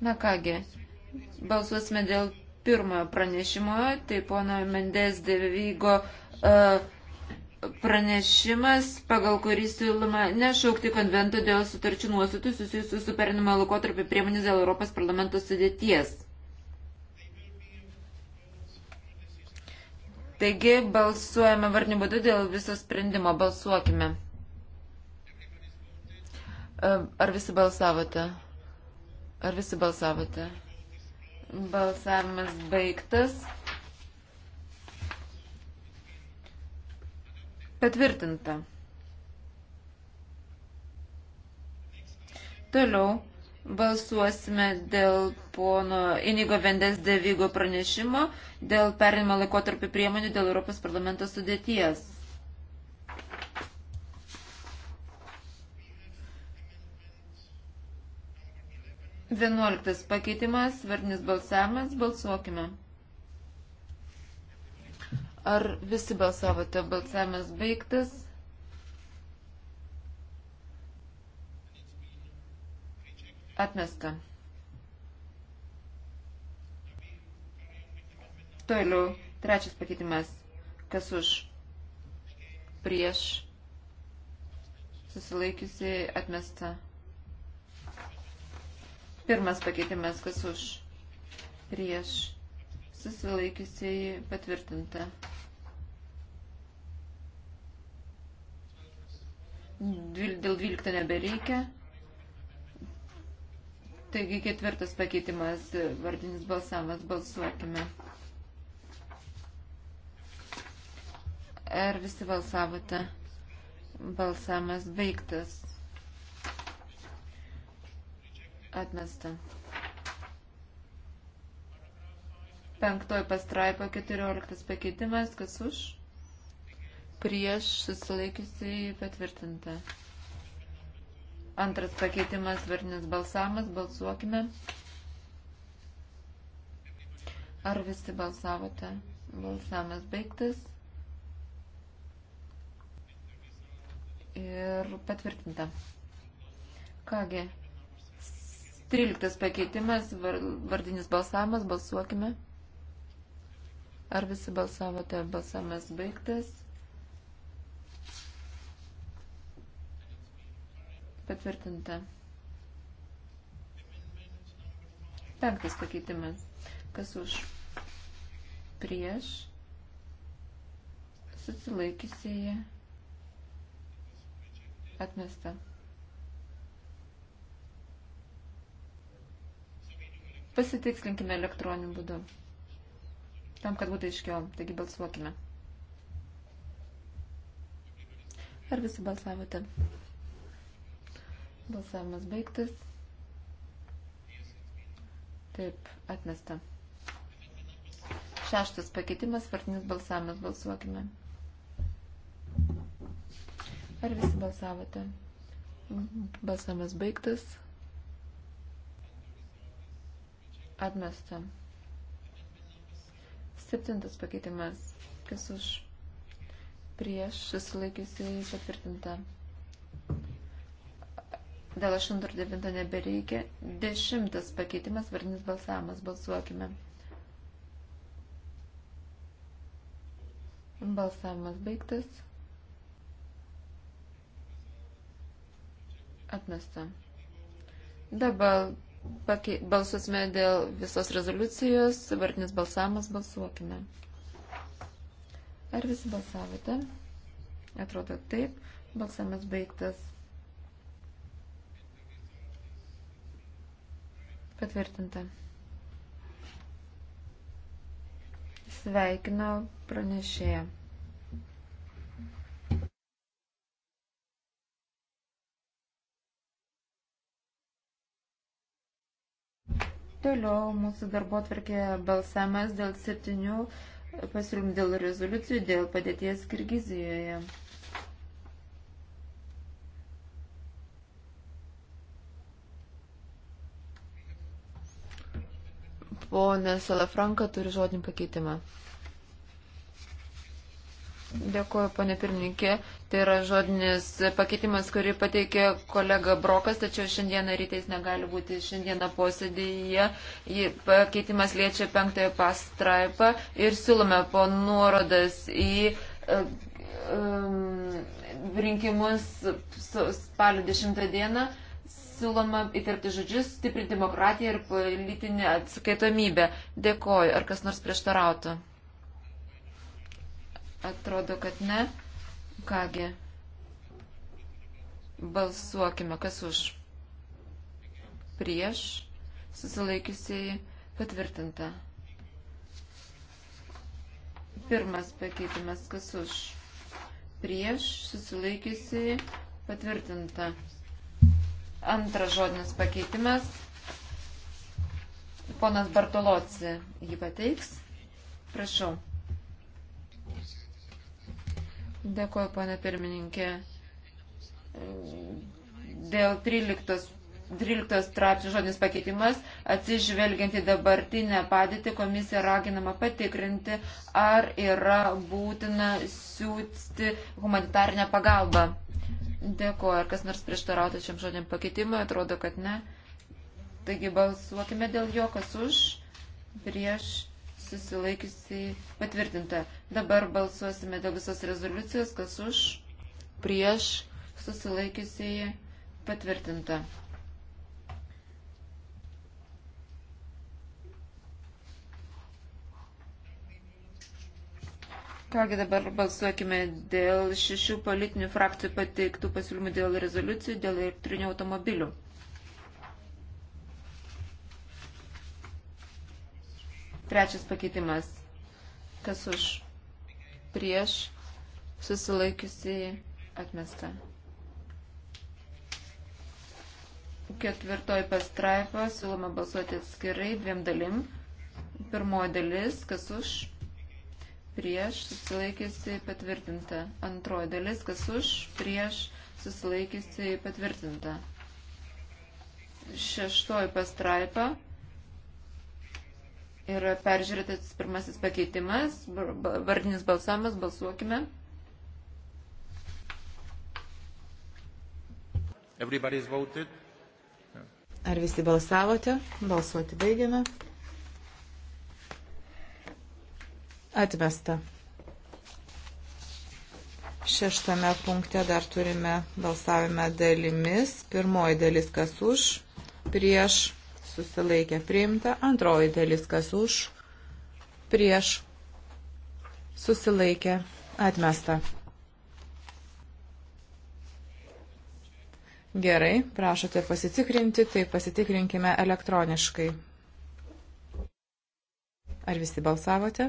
Na kągi, balsuosime dėl pirmojo pranešimo, tai pono Mendes Devygo uh, e, pranešimas, pagal kurį siūloma nešaukti konvento dėl sutarčių nuostatų susijusių su perinimo laikotarpio priemonės dėl Europos parlamento sudėties. Taigi balsuojame varnių būdu dėl viso sprendimo. Balsuokime. E, ar visi balsavote? Ar visi balsavote? Balsavimas baigtas. Patvirtinta. Toliau balsuosime dėl pono Inigo Vendes Devygo pranešimo dėl perinimo laikotarpio priemonių dėl Europos parlamento sudėties. 11 pakeitimas, vardinis balsavimas, balsuokime. Ar visi balsavote, balsavimas baigtas? Atmesta. Toliau, trečias pakeitimas. Kas už? Prieš. Susilaikiusi atmesta. Pirmas pakeitimas, kas už prieš susilaikiusiai patvirtinta. Dėl dvylikto nebereikia. Taigi ketvirtas pakeitimas, vardinis balsavimas, balsuokime. Ar visi balsavote? Balsavimas baigtas. Atmesta. Penktoji pastraipa, keturioliktas pakeitimas, kas už? Prieš susilaikiusi patvirtinta. Antras pakeitimas, varnis balsamas, balsuokime. Ar visi balsavote? Balsamas baigtas. Ir patvirtinta. Kągi, 13 pakeitimas, vardinis balsavimas, balsuokime. Ar visi balsavote, balsavimas baigtas. Patvirtinta. Penktas pakeitimas. Kas už? Prieš. Susilaikysėje. Atmesta. Pasitikslinkime elektroniniu būdu. Tam, kad būtų aiškiau. Taigi balsuokime. Ar visi balsavote? Balsavimas baigtas. Taip, atmesta. Šeštas pakeitimas, vartinis balsavimas. Balsuokime. Ar visi balsavote? Balsavimas baigtas. Atmesta. Septintas pakeitimas. Kas už? Prieš susilaikiusiai patvirtinta. Dėl 8 ir 9 nebereikia. Dešimtas pakeitimas, vardinis balsavimas. Balsuokime. Balsavimas baigtas. Atmesta. Dabar Balsuosime dėl visos rezoliucijos. Vartinis balsavimas balsuokime. Ar visi balsavote? Atrodo taip. Balsavimas baigtas. Patvirtinta. Sveikinu pranešėją. Toliau mūsų darbo atvarkėje balsamas dėl septynių pasiūlymų dėl rezoliucijų dėl padėties Kirgizijoje. Pone Salafranka turi žodinį pakeitimą. Dėkuoju, ponė pirmininkė. Tai yra žodinis pakeitimas, kurį pateikė kolega Brokas, tačiau šiandieną rytais negali būti šiandieną posėdėje. Pakeitimas liečia penktąją pastraipą ir siūlome po nuorodas į um, rinkimus spalio 10 dieną siūloma įtarpti žodžius, stiprinti demokratiją ir politinę atskaitomybę. Dėkoju. Ar kas nors prieštarautų? Atrodo, kad ne. Kągi, balsuokime, kas už. Prieš susilaikiusiai patvirtinta. Pirmas pakeitimas, kas už. Prieš susilaikiusiai patvirtinta. Antras žodinis pakeitimas. Ponas Bartoloci jį pateiks. Prašau. Dėkuoju, pana pirmininkė. Dėl 13, 13 straipsnių žodinis pakeitimas, atsižvelgiant į dabartinę padėtį, komisija raginama patikrinti, ar yra būtina siūsti humanitarinę pagalbą. Dėkuoju, ar kas nors prieštarautų šiam žodiniam pakeitimui, atrodo, kad ne. Taigi balsuokime dėl jo, kas už, prieš susilaikiusiai patvirtinta. Dabar balsuosime dėl visos rezoliucijos, kas už, prieš, susilaikiusiai patvirtinta. Kągi dabar balsuokime dėl šešių politinių frakcijų pateiktų pasiūlymų dėl rezoliucijų, dėl elektrinių automobilių. Trečias pakeitimas. Kas už prieš susilaikiusi atmesta. Ketvirtoji pastraipa siūloma balsuoti atskirai dviem dalim. Pirmoji dalis, kas už prieš susilaikiusi patvirtinta. Antroji dalis, kas už prieš susilaikiusi patvirtinta. Šeštoji pastraipa Yra peržiūrėtas pirmasis pakeitimas, vardinis balsavimas, balsuokime. Ar visi balsavote? Balsuoti baigiame. Atmesta. Šeštame punkte dar turime balsavimą dalimis. Pirmoji dalis kas už, prieš susilaikė priimta, antroji dalis kas už, prieš, susilaikė atmesta. Gerai, prašote pasitikrinti, tai pasitikrinkime elektroniškai. Ar visi balsavote?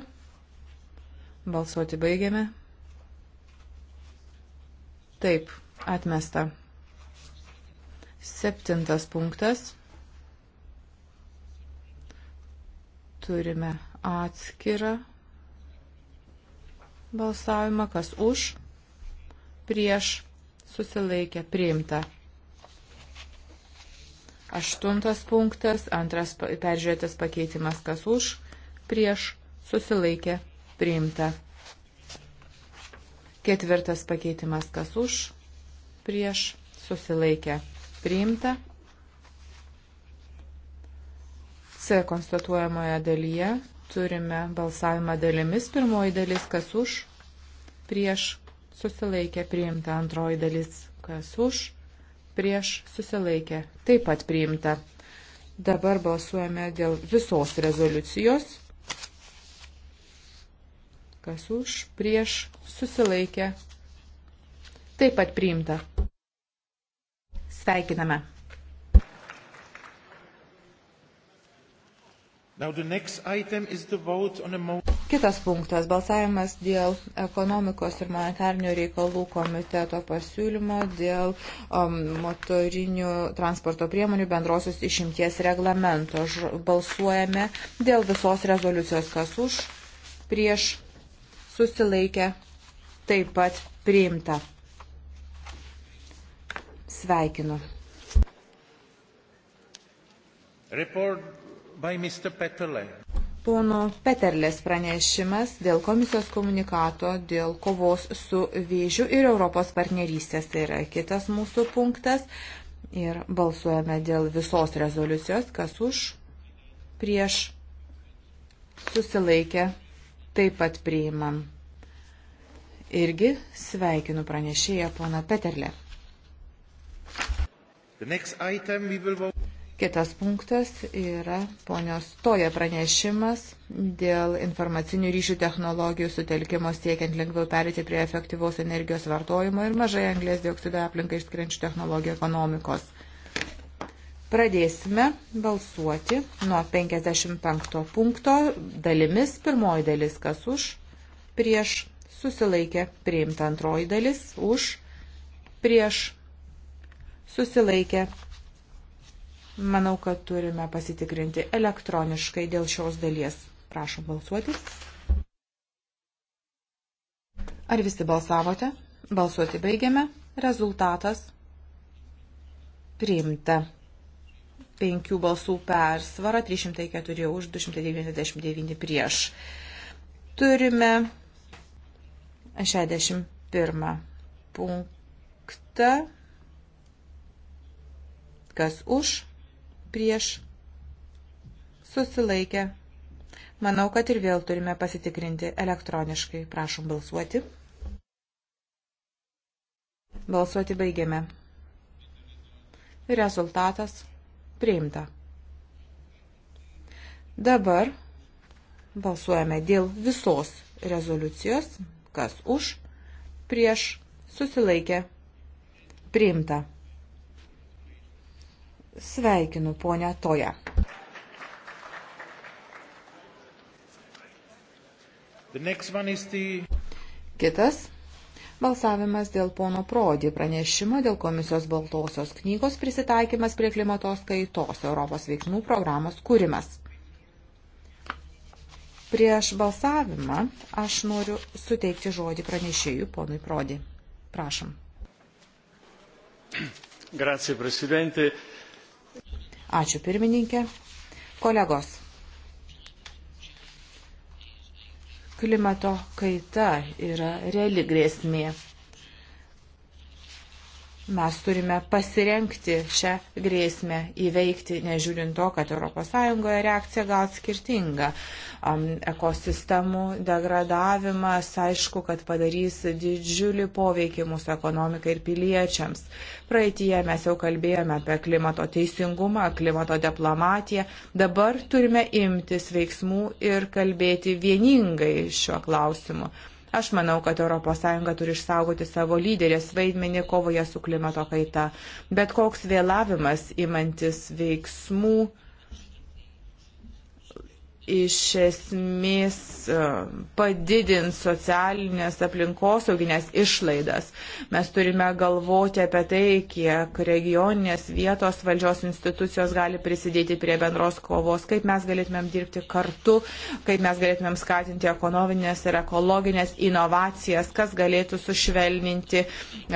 Balsuoti baigiame. Taip, atmesta. Septintas punktas. Turime atskirą balsavimą, kas už, prieš, susilaikė, priimta. Aštuntas punktas, antras peržiūrėtas pakeitimas, kas už, prieš, susilaikė, priimta. Ketvirtas pakeitimas, kas už, prieš, susilaikė, priimta. C konstatuojamoje dalyje turime balsavimą dalimis. Pirmoji dalis, kas už, prieš, susilaikė, priimta. Antroji dalis, kas už, prieš, susilaikė, taip pat priimta. Dabar balsuojame dėl visos rezoliucijos. Kas už, prieš, susilaikė, taip pat priimta. Sveikiname. Kitas punktas - balsavimas dėl ekonomikos ir monetarnių reikalų komiteto pasiūlymo dėl um, motorinių transporto priemonių bendrosios išimties reglamento. Ž balsuojame dėl visos rezoliucijos, kas už, prieš, susilaikė, taip pat priimta. Sveikinu. Report Pono Peterlės pranešimas dėl komisijos komunikato, dėl kovos su vėžiu ir Europos partnerystės. Tai yra kitas mūsų punktas. Ir balsuojame dėl visos rezoliucijos, kas už, prieš, susilaikė, taip pat priimam. Irgi sveikinu pranešėją poną Peterlę. Will... Kitas punktas yra ponios Toja pranešimas dėl informacinių ryšių technologijų sutelkimo siekiant lengviau perėti prie efektyvaus energijos vartojimo ir mažai anglės dioksido aplinką išskrenčių technologijų ekonomikos. Pradėsime balsuoti nuo 55 punkto dalimis. Pirmoji dalis kas už, prieš, susilaikė, priimta antroji dalis, už, prieš, susilaikė, Manau, kad turime pasitikrinti elektroniškai dėl šios dalies. Prašom balsuoti. Ar visi balsavote? Balsuoti baigiame. Rezultatas priimta. 5 balsų persvara, 304 už, 299 prieš. Turime 61 punktą. Kas už? prieš susilaikę. Manau, kad ir vėl turime pasitikrinti elektroniškai. Prašom balsuoti. Balsuoti baigiame. Rezultatas priimta. Dabar balsuojame dėl visos rezoliucijos, kas už, prieš, susilaikė, priimta. Sveikinu ponę Toją. The... Kitas balsavimas dėl pono Prodi pranešimo dėl komisijos baltosios knygos prisitaikymas prie klimatos kaitos Europos veiksmų programos kūrimas. Prieš balsavimą aš noriu suteikti žodį pranešėjų ponui Prodi. Prašom. Grazie, Presidente. Ačiū pirmininkė. Kolegos, klimato kaita yra reali grėsmė. Mes turime pasirenkti šią grėsmę įveikti, nežiūrint to, kad ES reakcija gal skirtinga. Um, ekosistemų degradavimas, aišku, kad padarys didžiulį poveikį mūsų ekonomikai ir piliečiams. Praeitie mes jau kalbėjome apie klimato teisingumą, klimato diplomatiją. Dabar turime imtis veiksmų ir kalbėti vieningai šiuo klausimu. Aš manau, kad ES turi išsaugoti savo lyderės vaidmenį kovoje su klimato kaita. Bet koks vėlavimas imantis veiksmų iš esmės e, padidins socialinės aplinkosauginės išlaidas. Mes turime galvoti apie tai, kiek regioninės vietos valdžios institucijos gali prisidėti prie bendros kovos, kaip mes galėtumėm dirbti kartu, kaip mes galėtumėm skatinti ekonominės ir ekologinės inovacijas, kas galėtų sušvelninti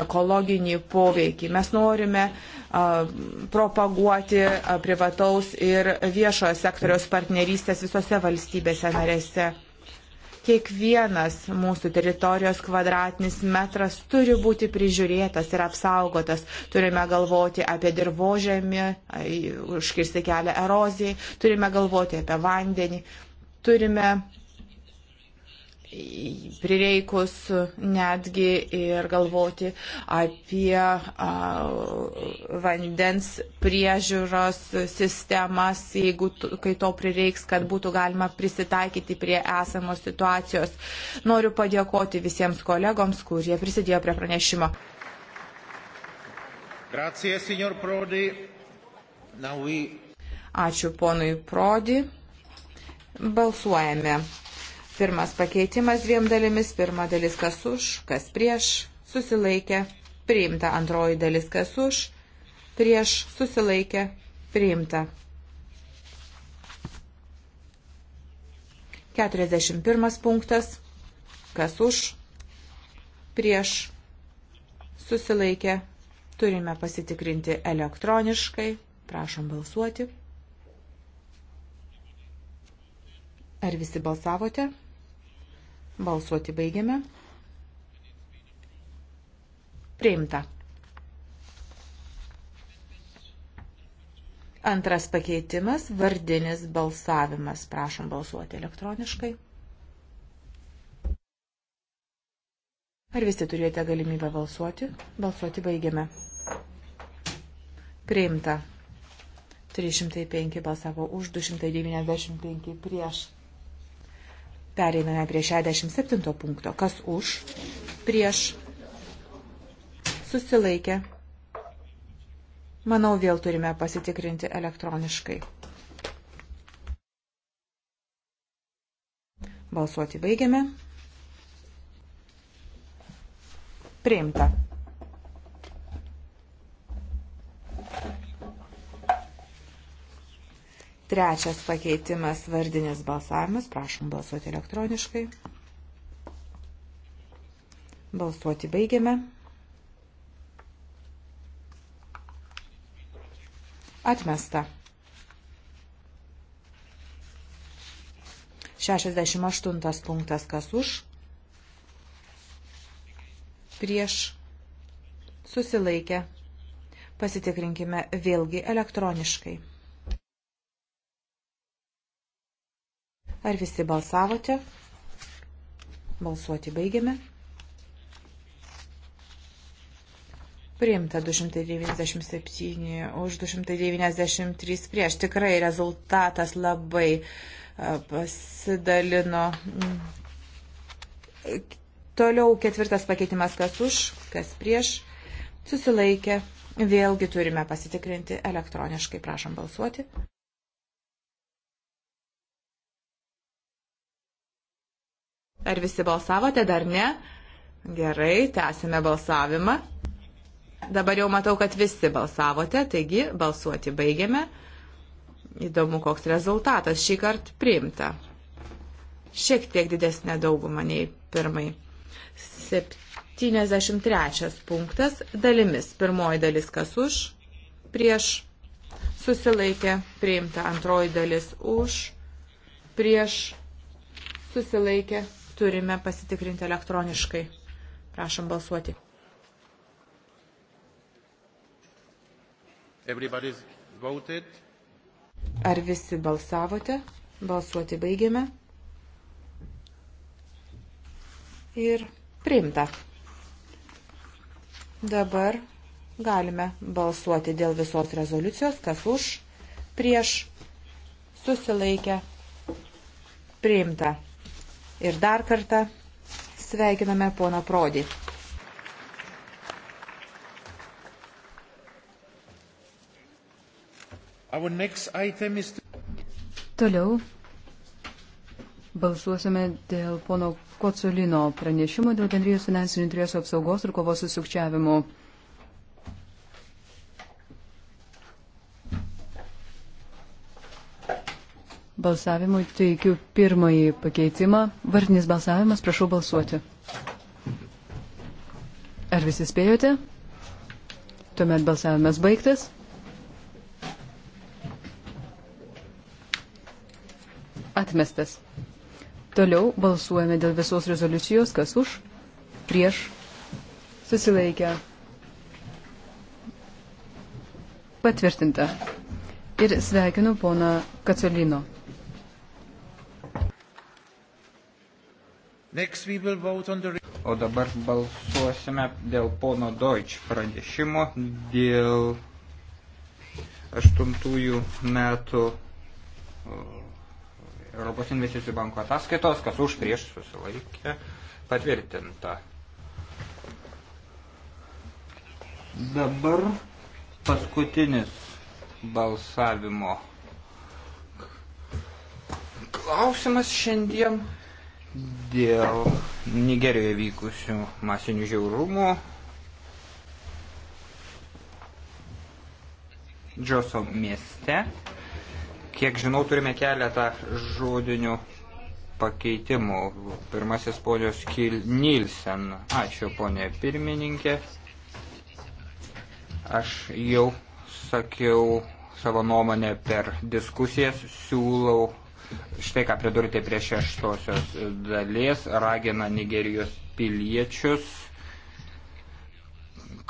ekologinį poveikį. Mes norime a, propaguoti a, privataus ir viešojo sektoriaus partnerystės visų visose valstybėse narėse. Kiekvienas mūsų teritorijos kvadratinis metras turi būti prižiūrėtas ir apsaugotas. Turime galvoti apie dirbožėmį, užkirsti kelią erozijai, turime galvoti apie vandenį, turime prireikus netgi ir galvoti apie a, vandens priežiūros sistemas, jeigu kai to prireiks, kad būtų galima prisitaikyti prie esamos situacijos. Noriu padėkoti visiems kolegoms, kurie prisidėjo prie pranešimo. Grazie, we... Ačiū ponui Prodi. Balsuojame. Pirmas pakeitimas dviem dalimis. Pirma dalis kas už, kas prieš, susilaikė, priimta. Antroji dalis kas už, prieš, susilaikė, priimta. 41 punktas. Kas už, prieš, susilaikė. Turime pasitikrinti elektroniškai. Prašom balsuoti. Ar visi balsavote? Balsuoti baigiame. Priimta. Antras pakeitimas – vardinis balsavimas. Prašom balsuoti elektroniškai. Ar visi turėjote galimybę balsuoti? Balsuoti baigiame. Priimta. 305 balsavo už, 295 prieš. Pereiname prie 67 punkto. Kas už, prieš, susilaikė. Manau, vėl turime pasitikrinti elektroniškai. Balsuoti baigiame. Priimta. Trečias pakeitimas vardinis balsavimas. Prašom balsuoti elektroniškai. Balsuoti baigiame. Atmesta. 68 punktas kas už. Prieš. Susilaikę. Pasitikrinkime vėlgi elektroniškai. Ar visi balsavote? Balsuoti baigiame. Priimta 297 už 293 prieš. Tikrai rezultatas labai pasidalino. Toliau ketvirtas pakeitimas, kas už, kas prieš. Susilaikė. Vėlgi turime pasitikrinti elektroniškai. Prašom balsuoti. Ar visi balsavote, dar ne? Gerai, tęsime balsavimą. Dabar jau matau, kad visi balsavote, taigi balsuoti baigiame. Įdomu, koks rezultatas šį kartą priimta. Šiek tiek didesnė dauguma nei pirmai. 73 punktas dalimis. Pirmoji dalis kas už, prieš, susilaikė, priimta. Antroji dalis už, prieš, susilaikė, turime pasitikrinti elektroniškai. Prašom balsuoti. Ar visi balsavote? Balsuoti baigėme. Ir priimta. Dabar galime balsuoti dėl visos rezoliucijos, kas už, prieš, susilaikę, priimta. Ir dar kartą sveikiname poną Prodį. Is... Toliau balsuosime dėl pono Kocolino pranešimo dėl bendrijos finansinių interesų apsaugos ir kovos su sukčiavimu. balsavimui teikiu pirmąjį pakeitimą. Vardinis balsavimas, prašau balsuoti. Ar visi spėjote? Tuomet balsavimas baigtas. Atmestas. Toliau balsuojame dėl visos rezoliucijos, kas už, prieš, susilaikę, patvirtinta. Ir sveikinu poną Kacolino. The... O dabar balsuosime dėl pono Deutsch pranešimo, dėl aštuntųjų metų Europos investicijų banko ataskaitos, kas už prieš susilaikė, patvirtinta. Dabar paskutinis balsavimo klausimas šiandien dėl Nigerijoje vykusių masinių žiaurumų. Džoso mieste. Kiek žinau, turime keletą žodinių pakeitimų. Pirmasis ponios Kil Nilsen. Ačiū, ponė pirmininkė. Aš jau sakiau savo nuomonę per diskusijas, siūlau štai ką pridurti prie šeštosios dalies, ragina Nigerijos piliečius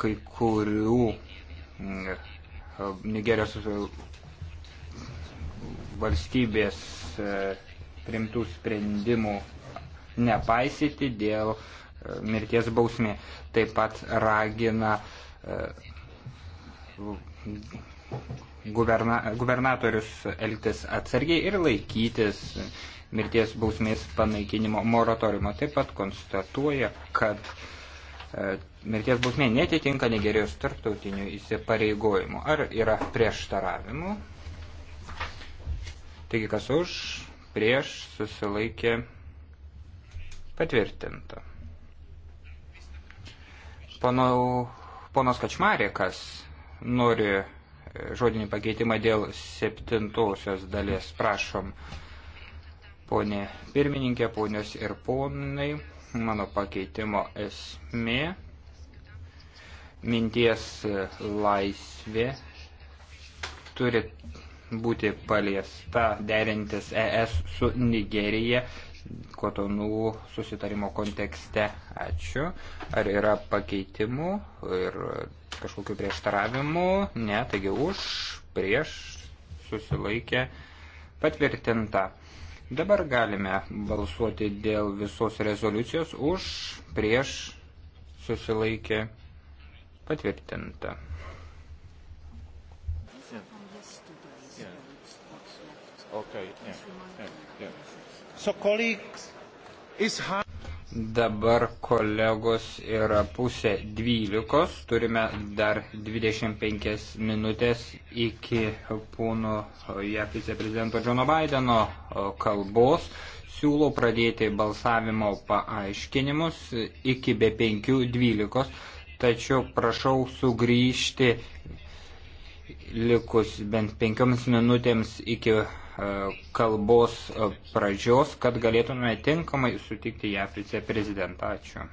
kai kurių mm, Nigerijos mm, valstybės e, primtų sprendimų nepaisyti dėl e, mirties bausmė. Taip pat ragina e, guverna, guvernatorius elgtis atsargiai ir laikytis mirties bausmės panaikinimo moratoriumo. Taip pat konstatuoja, kad e, mirties bausmė netitinka Nigerijos tarptautinių įsipareigojimų. Ar yra prieštaravimų? Taigi kas už, prieš susilaikė patvirtinta. Ponau, ponas Kačmarikas nori žodinį pakeitimą dėl septintosios dalies. Prašom, ponė pirmininkė, ponios ir ponai, mano pakeitimo esmė, minties laisvė turi būti paliesta derintis ES su Nigerija kotonų susitarimo kontekste. Ačiū. Ar yra pakeitimų ir kažkokiu prieštaravimu? Ne, taigi už, prieš, susilaikė, patvirtinta. Dabar galime balsuoti dėl visos rezoliucijos už, prieš, susilaikė, patvirtinta. Okay, yeah, yeah, yeah. So colleagues, is high. Dabar kolegos yra pusė dvylikos, turime dar 25 minutės iki pūno JAV viceprezidento Džono Baideno kalbos. Siūlau pradėti balsavimo paaiškinimus iki be 5.12, tačiau prašau sugrįžti likus bent penkioms minutėms iki E, kalbos e, pradžios, kad galėtume tinkamai sutikti ją viceprezidentą. Ačiū.